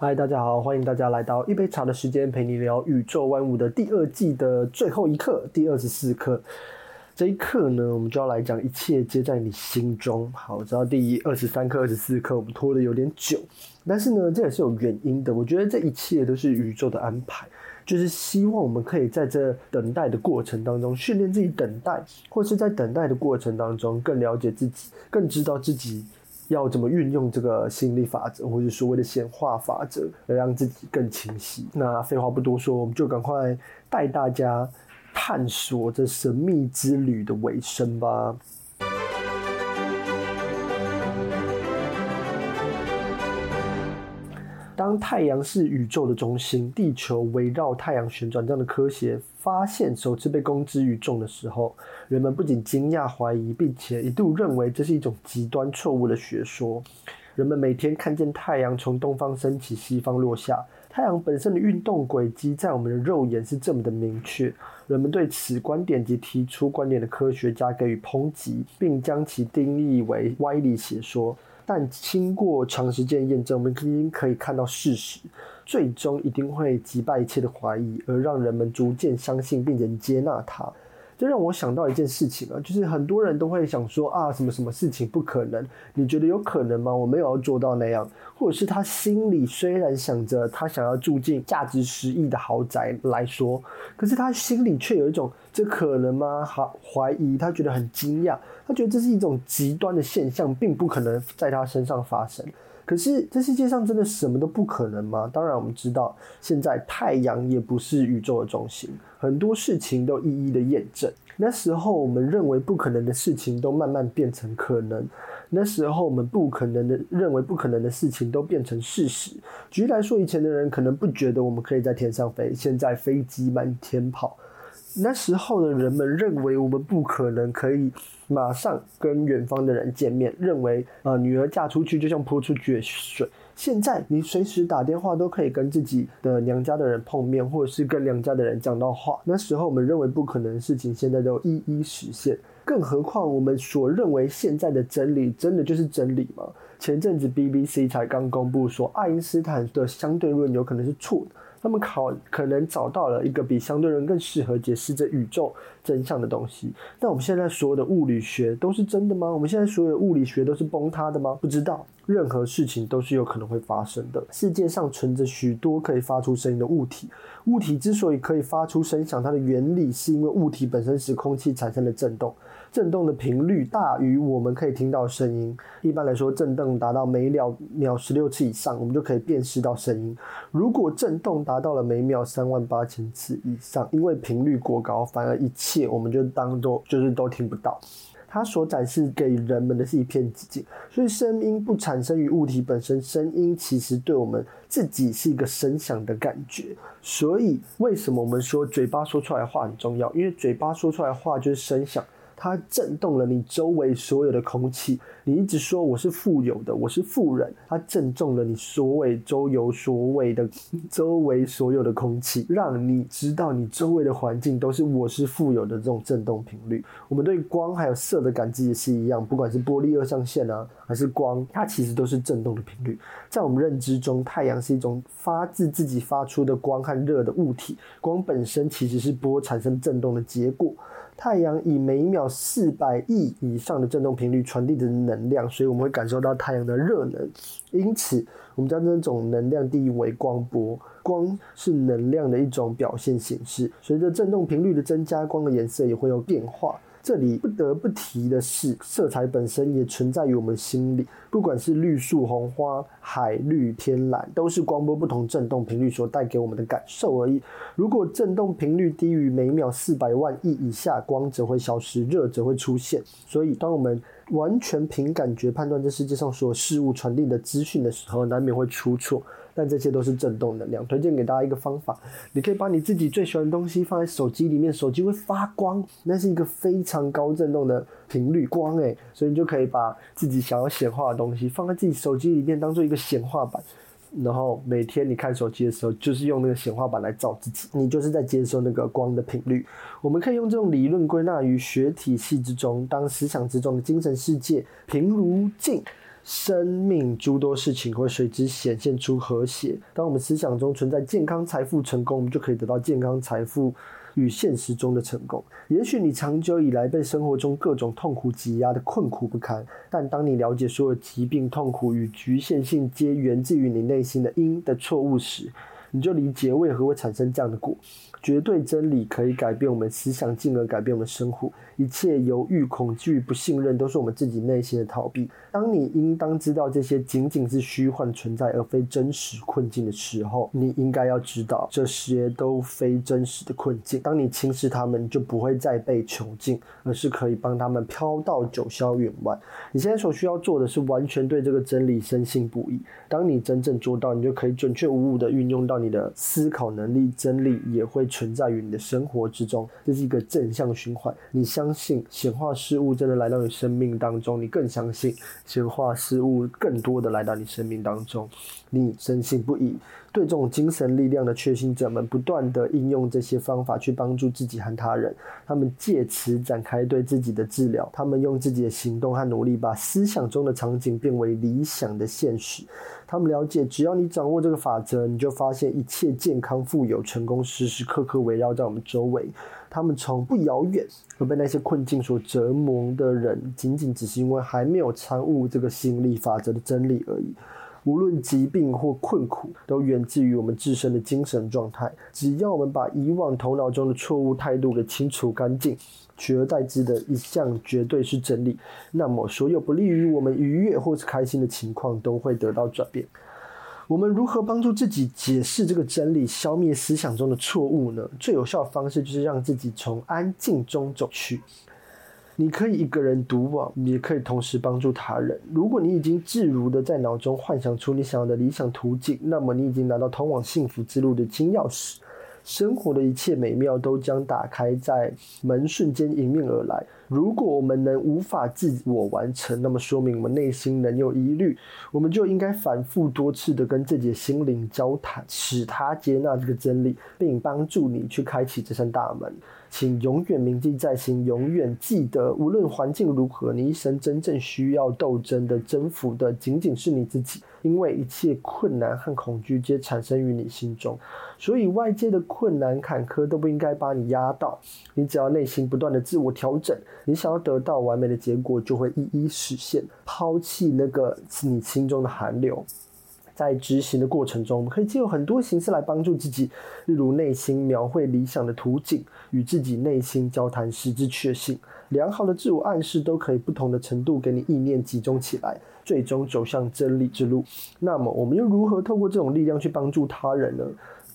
嗨，大家好，歡迎大家來到一杯茶的時間，陪你聊宇宙萬物的第二季的最後一課，第二十四課。這一課呢，我們就要來講一切皆在你心中。好，知道第二十三課、二十四課，我們拖得有點久，但是呢，這也是有原因的。我覺得這一切都是宇宙的安排，就是希望我們可以在這等待的過程當中，訓練自己等待，或是在等待的過程當中，更了解自己，更知道自己。要怎麼運用這個吸引力法則，或者所謂的顯化法則，來讓自己更清晰？那廢話不多說，我們就趕快帶大家探索這神秘之旅的尾聲吧。當太陽是宇宙的中心，地球圍繞太陽旋轉這樣的科學發現首次被公之於眾的時候，人們不僅驚訝懷疑，並且一度認為這是一種極端錯誤的學說。人們每天看見太陽從東方升起，西方落下，太陽本身的運動軌跡在我們的肉眼是這麼的明確，人們對此觀點及提出觀點的科學家給予抨擊，並將其定義為歪理邪說。但經過長時間驗證，我們已經可以看到事實，最終一定會擊敗一切的懷疑，而讓人們逐漸相信，並且接納它。這讓我想到一件事情啊，就是很多人都會想說啊，什麼什麼事情不可能？你覺得有可能嗎？我沒有要做到那樣，或者是他心裡雖然想着他想要住進價值十億的豪宅來說，可是他心裡卻有一種這可能嗎？好、啊、懷疑，他覺得很驚訝，他覺得這是一種極端的現象，並不可能在他身上發生。可是這世界上真的什麼都不可能嗎？當然，我們知道現在太陽也不是宇宙的中心，很多事情都一一的驗證。那時候我們認為不可能的事情都慢慢變成可能，那時候我們不可能的認為不可能的事情都變成事實。舉例來說，以前的人可能不覺得我們可以在天上飛，現在飛機滿天跑。那時候的人們認為我們不可能可以馬上跟遠方的人見面，認為啊、呃、女兒嫁出去就像潑出去的水。現在你隨時打電話都可以跟自己的娘家的人碰面，或者是跟娘家的人講到話。那時候我們認為不可能的事情，現在都一一實現。更何況我們所認為現在的真理，真的就是真理嗎？前陣子 BBC 才剛公布說，愛因斯坦的相對論有可能是錯的。他們考可能找到了一個比相對論更適合解釋這宇宙真相的東西。那我們現在所有的物理學都是真的嗎？我們現在所有物理學都是崩塌的嗎？不知道。任何事情都是有可能會發生的。世界上存着許多可以發出聲音的物體。物體之所以可以發出聲響，它的原理是因為物體本身使空氣產生了震動。震動的頻率大於我們可以聽到聲音。一般來說，震動達到每秒秒十六次以上，我們就可以辨識到聲音。如果震動達到了每秒三萬八千次以上，因為頻率過高，反而一切我們就當做就是都聽不到。它所展示給人們的是一片寂靜，所以聲音不產生於物體本身，聲音其實對我們自己是一個聲響的感覺。所以，為什麼我們說嘴巴說出來的話很重要？因為嘴巴說出來的話就是聲響。它震動了你周圍所有的空氣。你一直說我是富有的，我是富人。它震動了你所謂周遊所謂的周圍所有的空氣，讓你知道你周圍的環境都是我是富有的這種震動頻率。我們對光還有色的感知也是一樣，不管是波粒二象性啊，還是光，它其實都是震動的頻率。在我們認知中，太陽是一種發自自己發出的光和熱的物體。光本身其實是波產生震動的結果。太陽以每秒四百億以上的振動頻率傳遞的能量，所以我們會感受到太陽的熱能。因此，我們將這種能量定義為光波。光是能量的一種表現形式。隨着振動頻率的增加，光的顏色也會有變化。這裡不得不提的是，色彩本身也存在於我們心裡。不管是綠樹紅花、海綠天藍，都是光波不同振動頻率所帶給我們的感受而已。如果振動頻率低於每秒四百萬億以下，光則會消失，熱則會出現。所以，當我們完全憑感覺判斷這世界上所有事物傳遞的資訊的時候，難免會出錯。但這些都是振動能量。推薦給大家一個方法，你可以把你自己最喜歡的東西放在手機裡面，手機會發光，那是一個非常高振動的頻率光誒、欸。所以你就可以把自己想要顯化的東西放在自己手機裡面，當做一個顯化板。然後每天你看手機的時候，就是用那個顯化板來照自己，你就是在接收那個光的頻率。我們可以用這種理論歸納於學體系之中，當思想之中的精神世界平如鏡，生命諸多事情會隨之顯現出和諧。當我們思想中存在健康、財富、成功，我們就可以得到健康、財富與現實中的成功。也許你長久以來被生活中各種痛苦擠壓的困苦不堪，但當你了解所有疾病、痛苦與局限性皆源自於你內心的因的錯誤時，你就理解為何會產生這樣的果。絕對真理可以改變我們思想，進而改變我們生活。一切猶豫、恐懼、不信任，都是我們自己內心的逃避。當你應當知道這些僅僅是虛幻存在，而非真實困境的時候，你應該要知道這些都非真實的困境。當你輕視他們，就不會再被囚禁，而是可以幫他們飄到九霄雲外。你現在所需要做的是完全對這個真理深信不疑。當你真正做到，你就可以準確無誤地運用到你的思考能力，真理也會存在於你的生活之中。這是一個正向循環。你相。相信顯化事物真的來到你生命當中，你更相信顯化事物更多的來到你生命當中，你深信不疑。對這種精神力量的確信者們，不斷地應用這些方法去幫助自己和他人，他們借此展開對自己的治療，他們用自己的行動和努力，把思想中的場景變為理想的現實。他們了解，只要你掌握這個法則，你就發現一切健康、富有、成功，時時刻刻圍繞在我們周圍。他們從不遙遠。而被那些困境所折磨的人，僅僅只是因為還沒有參悟這個心理法則的真理而已。無論疾病或困苦，都源自於我們自身的精神狀態。只要我們把以往頭腦中的錯誤態度給清除乾淨，取而代之的一項絕對是真理，那麼所有不利於我們愉悅或是開心的情況都會得到轉變。我們如何幫助自己解釋這個真理，消滅思想中的錯誤呢？最有效的方式就是讓自己從安靜中走去。你可以一個人獨往，你也可以同時幫助他人。如果你已經自如地在腦中幻想出你想要的理想途徑，那麼你已經拿到通往幸福之路的金鑰匙。生活的一切美妙都將打開在門瞬間迎面而來。如果我們能無法自我完成，那麼說明我們內心仍有疑慮，我們就應該反復多次的跟自己的心靈交談，使他接納這個真理，並幫助你去開啟這扇大門。請永遠銘記在心，永遠記得，無論環境如何，你一生真正需要鬥爭的、征服的，僅僅是你自己。因為一切困難和恐懼皆產生於你心中，所以外界的困難坎坷都不應該把你壓倒。你只要內心不斷地自我調整，你想要得到完美的結果，就會一一實現。拋棄那個是你心中的寒流。在執行的過程中，我們可以借由很多形式來幫助自己，例如內心描繪理想的圖景，與自己內心交談實質確信，良好的自我暗示都可以不同的程度給你意念集中起來，最終走向真理之路。那麼，我們又如何透過這種力量去幫助他人呢？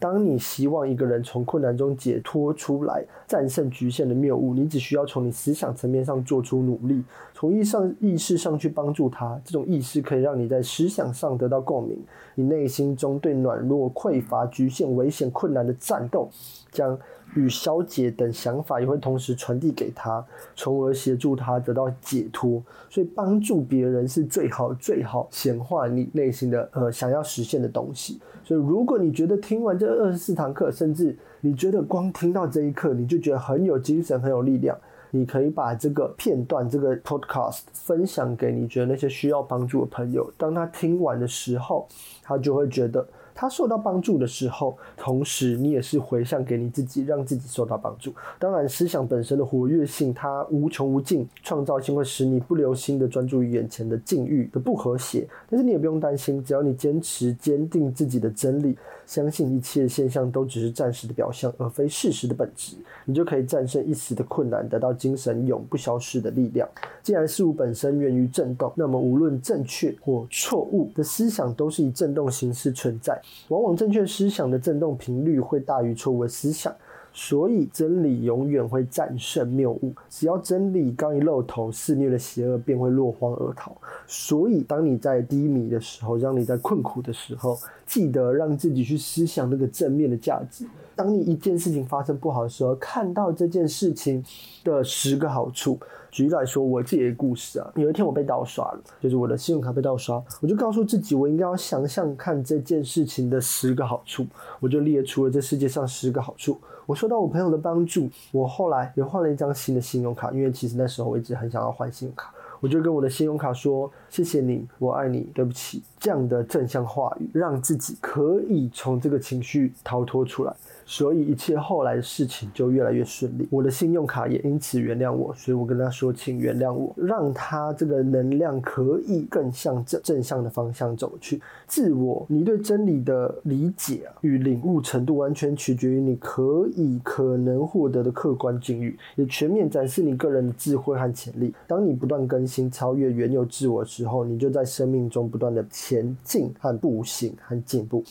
當你希望一個人從困難中解脫出來，戰勝局限的謬誤，你只需要從你思想層面上做出努力，從意上意識上去幫助他。這種意識可以讓你在思想上得到共鳴，你內心中對軟弱、匱乏、局限、危險、困難的戰鬥，將與消解等想法也會同時傳遞給他，從而協助他得到解脫。所以幫助別人是最好、最好顯化你內心的呃想要實現的東西。所以如果你覺得聽完這二十四堂課，甚至你覺得光聽到這一課，你就覺得很有精神、很有力量，你可以把這個片段、這個 podcast 分享給你覺得那些需要幫助的朋友。當他聽完的時候，他就會覺得。他受到幫助的時候，同時你也是回向給你自己，讓自己受到幫助。當然，思想本身的活躍性，它無窮無盡，創造性會使你不留心地專注於眼前的境遇的不和諧。但是你也不用擔心，只要你堅持堅定自己的真理，相信一切現象都只是暫時的表象，而非事實的本質，你就可以戰勝一時的困難，得到精神永不消失的力量。既然事物本身源於震動，那麼無論正確或錯誤的思想，都是以震動形式存在。往往正確思想的震動頻率會大於錯誤的思想，所以真理永遠會戰勝謬誤。只要真理剛一露頭，肆虐的邪惡便會落荒而逃。所以，當你在低迷的時候，讓你在困苦的時候，記得讓自己去思想那個正面的價值。當你一件事情發生不好的時候，看到這件事情的十個好處。舉例來說，我自己的故事啊，有一天我被盜刷了，就是我的信用卡被盜刷，我就告訴自己，我應該要想想看這件事情的十個好處，我就列出了這世界上十個好處。我受到我朋友的幫助，我後來也換了一張新的信用卡，因為其實那時候我一直很想要換信用卡，我就跟我的信用卡說：“謝謝你，我愛你，對不起。”這樣的正向話語，讓自己可以從這個情緒逃脫出來，所以一切後來的事情就越來越順利。我的信用卡也因此原諒我，所以我跟他說：“請原諒我，讓他這個能量可以更向正正向的方向走去。”自我，你對真理的理解啊，與領悟程度，完全取決於你可以可能獲得的客觀境遇，也全面展示你個人的智慧和潛力。當你不斷更新、超越原有自我的時候，你就在生命中不斷地前進和步行和進步，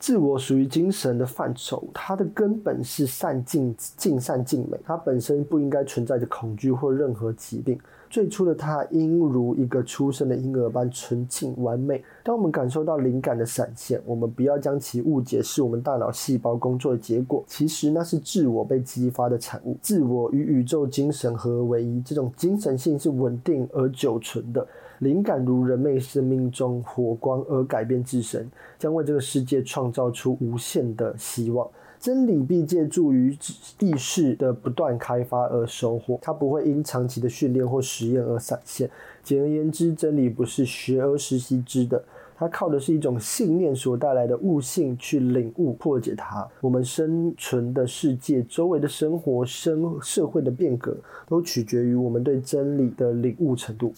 自我屬於精神的範疇，它的根本是善盡盡善盡美，它本身不應該存在着恐懼或任何疾病。最初的它應如一個出生的嬰兒般純淨完美。當我們感受到靈感的閃現，我們不要將其誤解是我們大腦細胞工作的結果。其實那是自我被激發的產物。自我與宇宙精神合而為一，這種精神性是穩定而久存的。靈感如人類生命中火光，而改變自身，將為這個世界創造出無限的希望。真理必借助於地勢的不斷開發而收穫，它不會因長期的訓練或實驗而顯現。簡而言之，真理不是學而時習之的，它靠的是一種信念所帶來的悟性去領悟、破解它。我們生存的世界、周圍的生活、生社會的變革，都取決於我們對真理的領悟程度。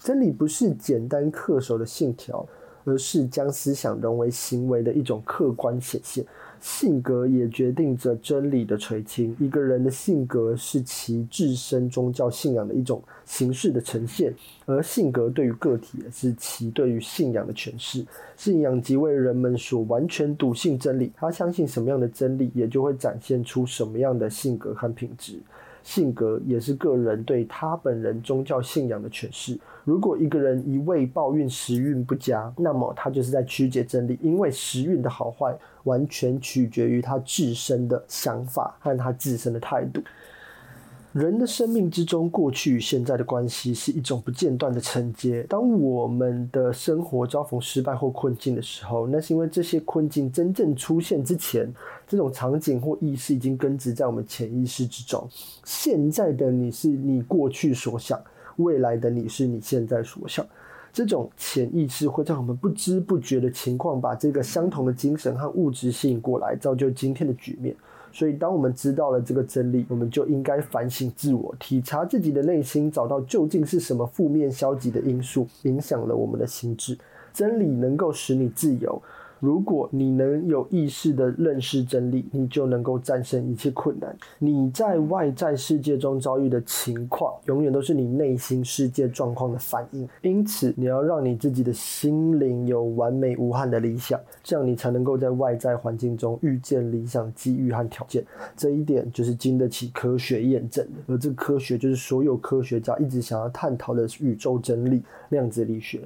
真理不是簡單恪守的信條，而是將思想融為行為的一種客觀顯現。性格也決定着真理的垂青。一個人的性格是其自身宗教信仰的一種形式的呈現，而性格對於個體也是其對於信仰的詮釋。信仰即為人們所完全篤信真理，他相信什麼樣的真理，也就會展現出什麼樣的性格和品質。性格也是個人對他本人宗教信仰的詮釋。如果一個人一味抱怨時運不佳，那麼他就是在曲解真理，因為時運的好壞完全取決於他自身的想法和他自身的態度。人的生命之中，過去與現在的關係是一種不間斷的承接。當我們的生活遭逢失敗或困境的時候，那是因為這些困境真正出現之前，這種場景或意識已經根植在我們潛意識之中。現在的你是你過去所想，未來的你是你現在所想。這種潛意識會在我們不知不覺的情況，把這個相同的精神和物質吸引過來，造就今天的局面。所以，當我們知道了這個真理，我們就應該反省自我，體察自己的內心，找到究竟是什麼負面消極的因素影響了我們的心智。真理能夠使你自由。如果你能有意識的認識真理，你就能夠戰勝一切困難。你在外在世界中遭遇的情況，永遠都是你內心世界狀況的反應。因此，你要讓你自己的心靈有完美無憾的理想，這樣你才能夠在外在環境中遇見理想機遇和條件。這一點就是經得起科學驗證的，而這科學就是所有科學家一直想要探討的宇宙真理——量子力學。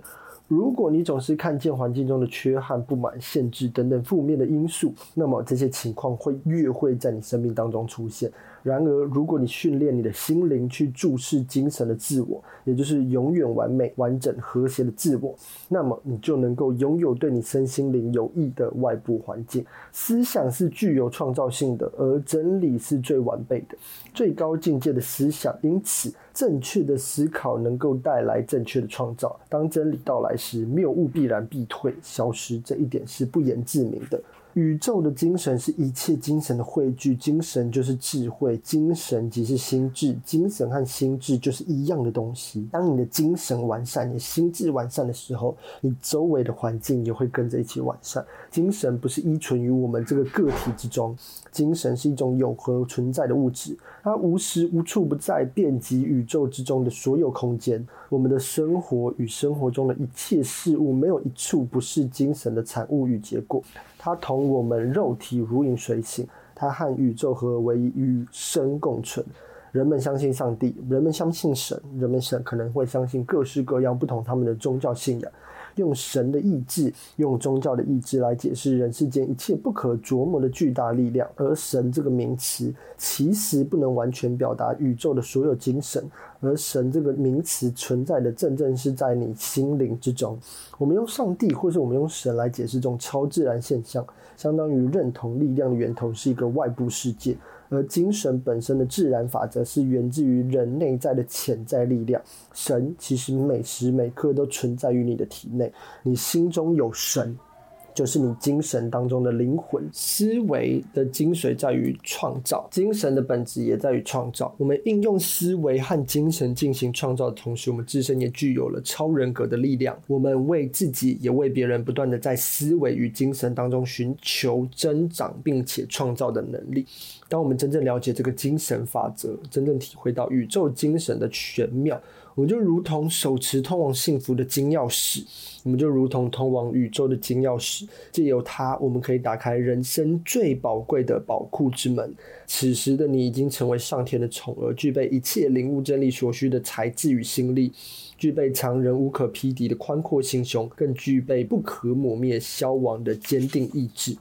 如果你總是看見環境中的缺憾、不滿，限制等等負面的因素，那麼這些情況會越會在你生命當中出現。然而，如果你訓練你的心靈去注視精神的自我，也就是永遠完美、完整、和諧的自我，那麼你就能夠擁有對你身心靈有益的外部環境。思想是具有創造性的，而真理是最完備的、最高境界的思想。因此，正確的思考能夠帶來正確的創造。當真理到來時，謬誤必然必退消失，這一點是不言自明的。.宇宙的精神是一切精神的匯聚，精神就是智慧，精神即是心智，精神和心智就是一樣的東西。當你的精神完善，你心智完善的時候，你周圍的環境也會跟着一起完善。精神不是依存於我們這個個體之中，精神是一種永恆存在的物質，它無時無處不在，遍及宇宙之中的所有空間。我們的生活與生活中的一切事物，沒有一處不是精神的產物與結果。他同我們肉體如影隨形，他和宇宙合為一，與生共存。人們相信上帝，人們相信神，人們神可能會相信各式各樣不同他們的宗教信仰。用神的意志，用宗教的意志來解釋人世間一切不可琢磨的巨大力量，而神這個名詞其實不能完全表達宇宙的所有精神，而神這個名詞存在的真正是在你心靈之中。我們用上帝，或是我們用神來解釋這種超自然現象，相當於認同力量的源頭是一個外部世界。而精神本身的自然法則是源自於人內在的潛在力量。神其實每時每刻都存在於你的體內，你心中有神。就是你精神當中的靈魂，思維的精髓在於創造，精神的本質也在於創造。我們應用思維和精神進行創造的同時，我們自身也具有了超人格的力量。我們為自己，也為別人，不斷地在思維與精神當中尋求增長，並且創造的能力。當我們真正了解這個精神法則，真正體會到宇宙精神的玄妙。我們就如同手持通往幸福的金鑰匙，我們就如同通往宇宙的金鑰匙，借由它，我們可以打開人生最寶貴的寶庫之門。此時的你已經成為上天的寵兒，具備一切領悟真理所需的才智與心力，具備常人無可匹敵的寬闊心胸，更具備不可磨滅消亡的堅定意志。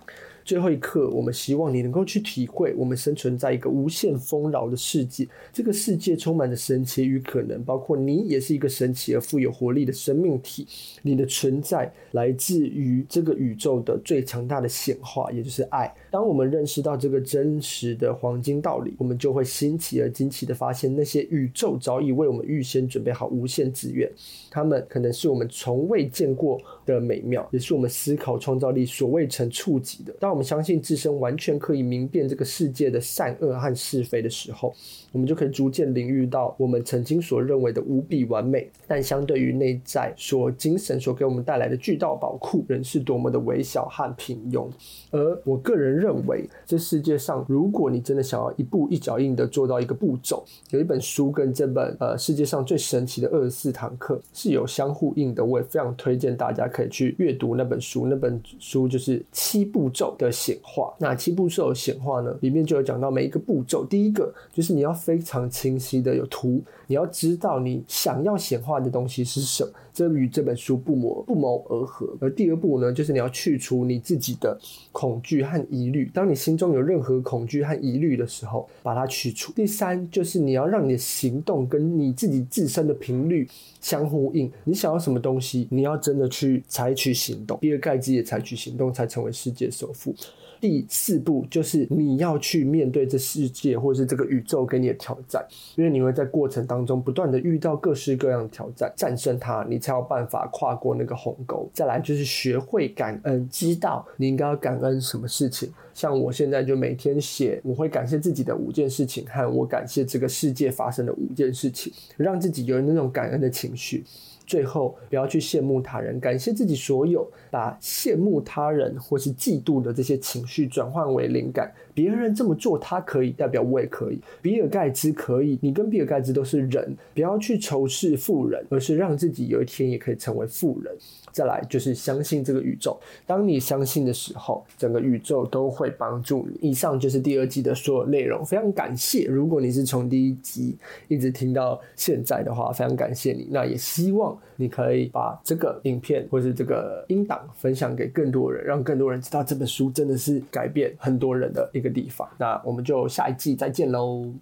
最後一課，我們希望你能夠去體會，我們生存在一個無限豐饒的世界。這個世界充滿着神奇與可能，包括你也是一個神奇而富有活力的生命體。你的存在來自於這個宇宙的最強大的顯化，也就是愛。當我們認識到這個真實的黃金道理，我們就會新奇而驚奇地發現，那些宇宙早已為我們預先準備好無限資源，它們可能是我們從未見過的美妙，也是我們思考創造力所未曾觸及的。當我們相信自身完全可以明辨這個世界的善惡和是非的時候，我們就可以逐漸領悟到，我們曾經所認為的無比完美，但相對於內在所精神所給我們帶來的巨大寶庫，人是多麼的微小和平庸。而我個人認認為這世界上，如果你真的想要一步一腳印的做到一個步驟，有一本書跟這本呃世界上最神奇的二十四堂課是有相互應的。我也非常推薦大家可以去閱讀那本書。那本書就是七步驟的顯化。那七步驟的顯化呢，裡面就有講到每一個步驟。第一個就是你要非常清晰的有圖，你要知道你想要顯化的東西是什麼。這與這本書不謀不謀而合。而第二步呢，就是你要去除你自己的恐懼和疑慮。當你心中有任何恐懼和疑慮的時候，把它去除。第三，就是你要讓你的行動跟你自己自身的頻率相呼應。你想要什麼東西，你要真的去採取行動。比爾蓋茨也採取行動，才成為世界首富。第四步就是你要去面對這世界，或是這個宇宙給你的挑戰，因為你會在過程當中不斷的遇到各式各樣的挑戰，戰勝它，你。才有辦法跨過那個鴻溝，再來就是學會感恩，知道你應該要感恩什麼事情。像我現在就每天寫，我會感謝自己的五件事情，和我感謝這個世界發生的五件事情，讓自己有那種感恩的情緒。最後，不要去羨慕他人，感謝自己所有。把羨慕他人或是嫉妒的這些情緒轉換為靈感。別人這麼做，他可以，代表我也可以。比爾蓋茨可以，你跟比爾蓋茨都是人，不要去仇視富人，而是讓自己有一天也可以成為富人。再來就是相信這個宇宙，當你相信的時候，整個宇宙都會幫助你。以上就是第二季的所有內容，非常感謝。如果你是從第一集一直聽到現在的話，非常感謝你。那也希望。你可以把這個影片或是這個音檔分享給更多人，讓更多人知道這本書真的是改變很多人的一個地方。那我們就下一季再見嘍。